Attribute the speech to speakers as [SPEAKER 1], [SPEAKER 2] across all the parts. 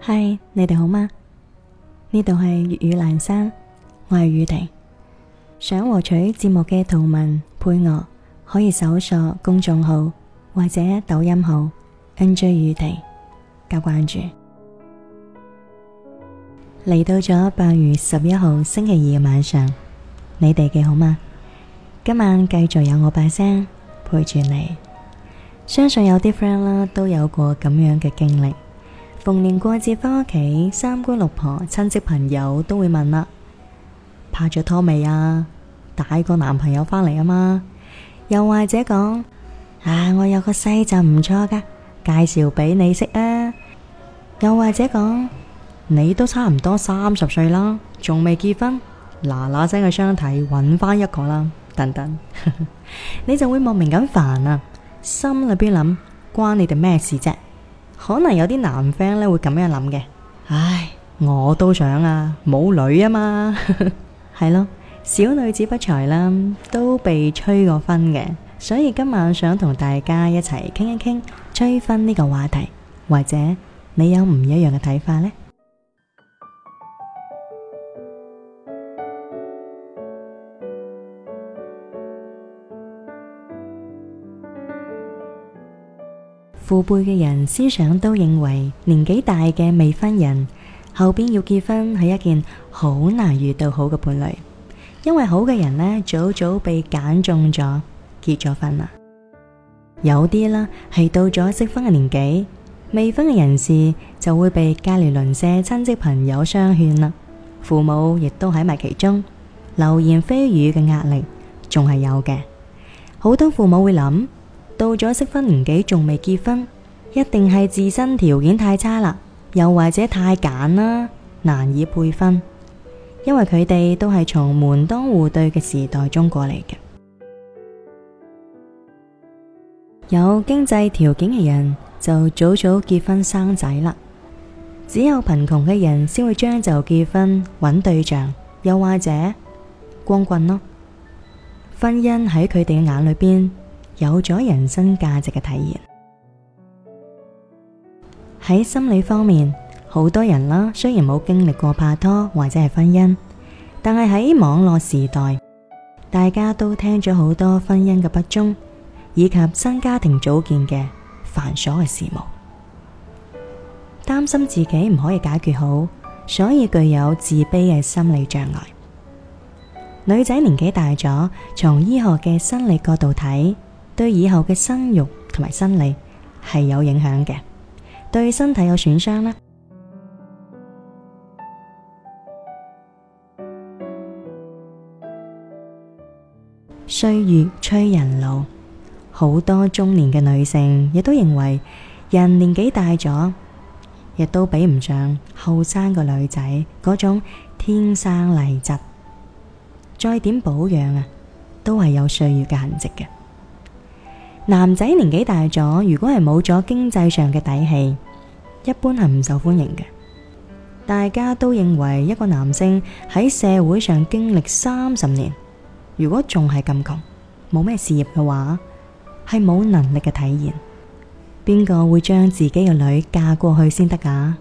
[SPEAKER 1] 嗨，Hi, 你哋好嗎？呢度係粵語闌珊，我係宇婷。想獲取節目嘅圖文配樂，可以搜索公眾號或者抖音號 NJ 宇婷加關注。嚟到咗八月十一號星期二嘅晚上，你哋嘅好嗎？今晚繼續有我把聲陪住你。相信有啲 friend 啦都有過咁樣嘅經歷。逢年過節翻屋企，三姑六婆、親戚朋友都會問啦：拍咗拖未啊？帶個男朋友翻嚟啊嘛？又或者講：啊，我有個細就唔錯噶，介紹俾你識啊？又或者講：你都差唔多三十歲啦，仲未結婚，嗱嗱聲去相睇，搵翻一個啦？等等， 你就會莫名咁煩啊，心裏邊諗：關你哋咩事啫？可能有啲男 friend 咧，會咁樣諗嘅，唉，我都想啊，冇女啊嘛，係 咯，小女子不才啦，都被催過婚嘅，所以今晚想同大家一齊傾一傾催婚呢個話題，或者你有唔一樣嘅睇法呢？父輩嘅人思想都認為年紀大嘅未婚人後邊要結婚係一件好難遇到好嘅伴侶，因為好嘅人呢，早早被揀中咗結咗婚啦。有啲啦，係到咗適婚嘅年紀，未婚嘅人士就會被隔籬鄰舍、親戚朋友相勸啦，父母亦都喺埋其中，流言蜚語嘅壓力仲係有嘅，好多父母會諗。到咗適婚年紀仲未結婚，一定係自身條件太差啦，又或者太揀啦，難以配婚。因為佢哋都係從門當戶對嘅時代中過嚟嘅。有經濟條件嘅人就早早結婚生仔啦,只有貧窮嘅人先會將就結婚揾對象，又或者光棍咯。婚姻喺佢哋嘅眼裏邊。有咗人生價值嘅體現。喺心理方面，好多人啦，雖然冇經歷過拍拖或者係婚姻，但係喺網絡時代，大家都聽咗好多婚姻嘅不忠以及新家庭組建嘅繁瑣嘅事務，擔心自己唔可以解決好，所以具有自卑嘅心理障礙。女仔年紀大咗，從醫學嘅生理角度睇，對以後嘅生育同埋生理係有影響嘅，對身體有損傷啦。歲月催人老，好多中年嘅女性亦都認為人年紀大咗，亦都比唔上後生嘅女仔嗰種天生麗質，再點保養啊，都係有歲月嘅痕跡嘅。男仔年紀大咗，如果係冇咗經濟上嘅底氣，一般係唔受歡迎嘅。大家都認為一個男性喺社會上經歷三十年，如果仲係咁窮，冇咩事業嘅話，係冇能力嘅體現。邊個會將自己嘅女嫁過去先得㗎？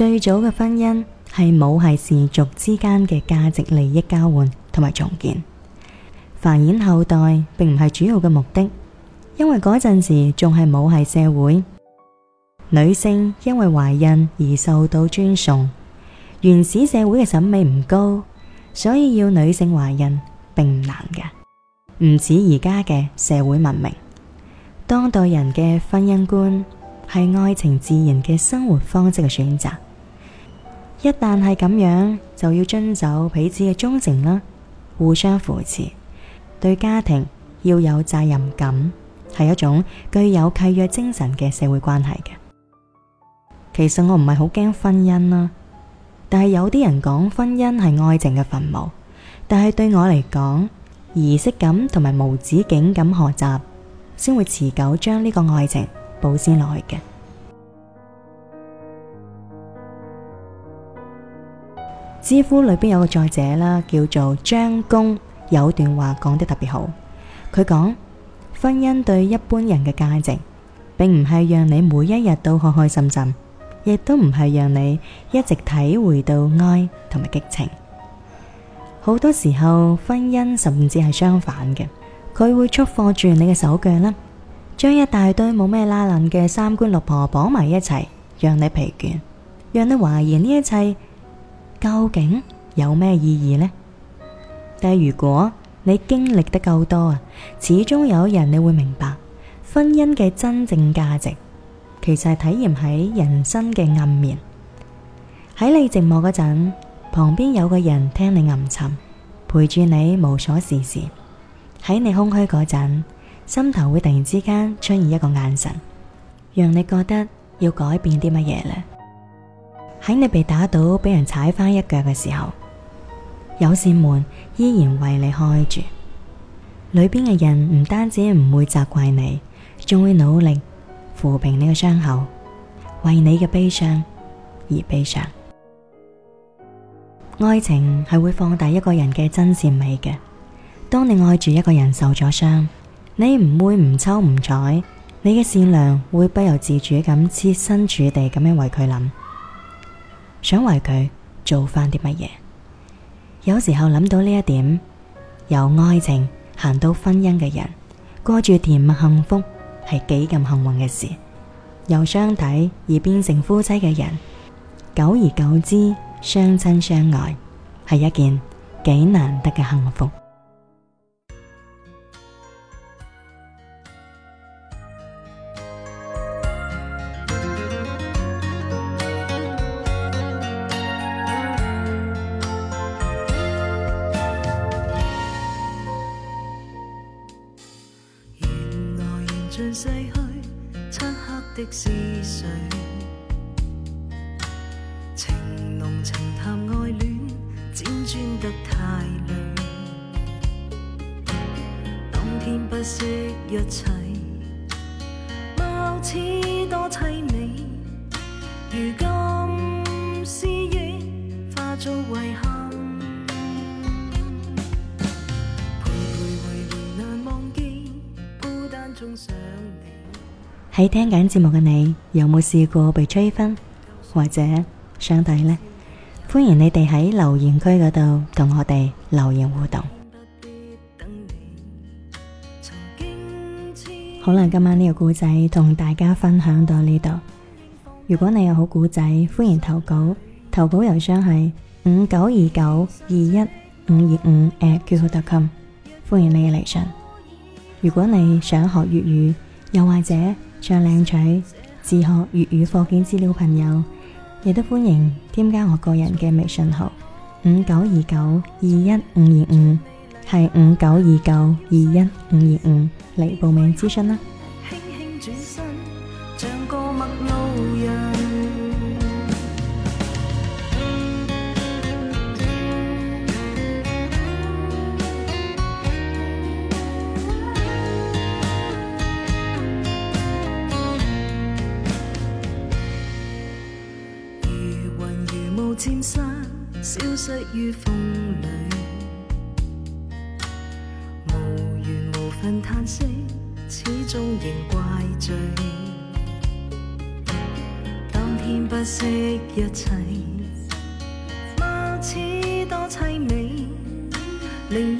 [SPEAKER 1] 最早嘅婚姻係母系氏族之間嘅價值利益交換同埋重建，繁衍後代並唔係主要嘅目的，因為嗰陣時仲係母系社會，女性因為懷孕而受到尊崇。原始社會嘅審美唔高，所以要女性懷孕並唔難嘅，唔似而家嘅社會文明。當代人嘅婚姻觀係愛情自然嘅生活方式嘅選擇。一旦係咁樣，就要遵守彼此嘅忠誠啦，互相扶持，對家庭要有責任感，係一種具有契約精神嘅社會關係嘅。其實我唔係好驚婚姻啦，但係有啲人講婚姻係愛情嘅墳墓，但係對我嚟講，儀式感同埋無止境咁學習，先會持久將呢個愛情保鮮落去嘅。知乎裏邊有個作者啦，叫做張弓，有段話講得特別好。佢講，婚姻對一般人嘅價值並唔係讓你每一日都開開心心，亦都唔係讓你一直體會到愛同埋激情。好多時候，婚姻甚至係相反嘅，佢會束縛住你嘅手腳啦，將一大堆冇咩拉冷嘅三姑六婆綁埋一齊，讓你疲倦，讓你懷疑呢一切。究竟有咩意義呢？但係如果你經歷得夠多啊，始終有日你會明白婚姻嘅真正價值，其實係體驗喺人生嘅暗面。喺你寂寞嗰陣，旁邊有個人聽你暗沉，陪住你無所事事；喺你空虛嗰陣，心頭會突然之間出現一個眼神，讓你覺得要改變啲乜嘢呢？喺你被打倒，俾人踩翻一腳嘅時候，有扇門依然為你開住，裏邊嘅人唔單止唔會責怪你，仲會努力撫平你嘅傷口，為你嘅悲傷而悲傷。愛情係會放大一個人嘅真善美嘅。當你愛住一個人受咗傷，你唔會唔抽唔睬，你嘅善良會不由自主咁設身處地咁樣為佢諗。想為佢做翻啲乜嘢。有時候諗到呢一點，由愛情行到婚姻嘅人，過住甜蜜幸福係幾咁幸運嘅事。由相睇而變成夫妻嘅人，久而久之，相親相愛，係一件幾難得嘅幸福。
[SPEAKER 2] 的是誰？情濃曾談愛戀，輾轉得太累。當天不惜一切。
[SPEAKER 1] 喺、hey, 聽緊節目嘅你有冇試過被催婚或者相睇呢？歡迎你哋喺留言區嗰度同我哋留言互動。 好啦，今晚呢個故仔同大家分享到呢度。如果你有好故仔，歡迎投稿，投稿郵箱係五九二九二一五二五 @qq.com，歡迎你嘅嚟信。如果你想學粵語，又或者，想領取自學粵語課件資料朋友亦都歡迎添加我個人嘅微信號五九二九二一五二五，係五九二九二一五二五嚟報名諮詢啦。
[SPEAKER 2] 失於風裏，無緣無份嘆息，始終仍怪罪。當天不惜一切，貌似多凄美。令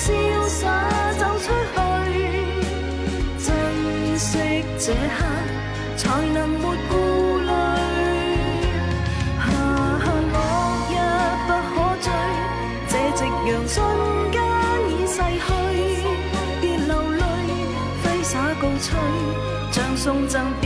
[SPEAKER 2] 瀟灑走出去，珍惜這刻，才能沒顧慮。下下落日不可追，這夕陽瞬間已逝去，別流淚，揮灑高吹，將送贈。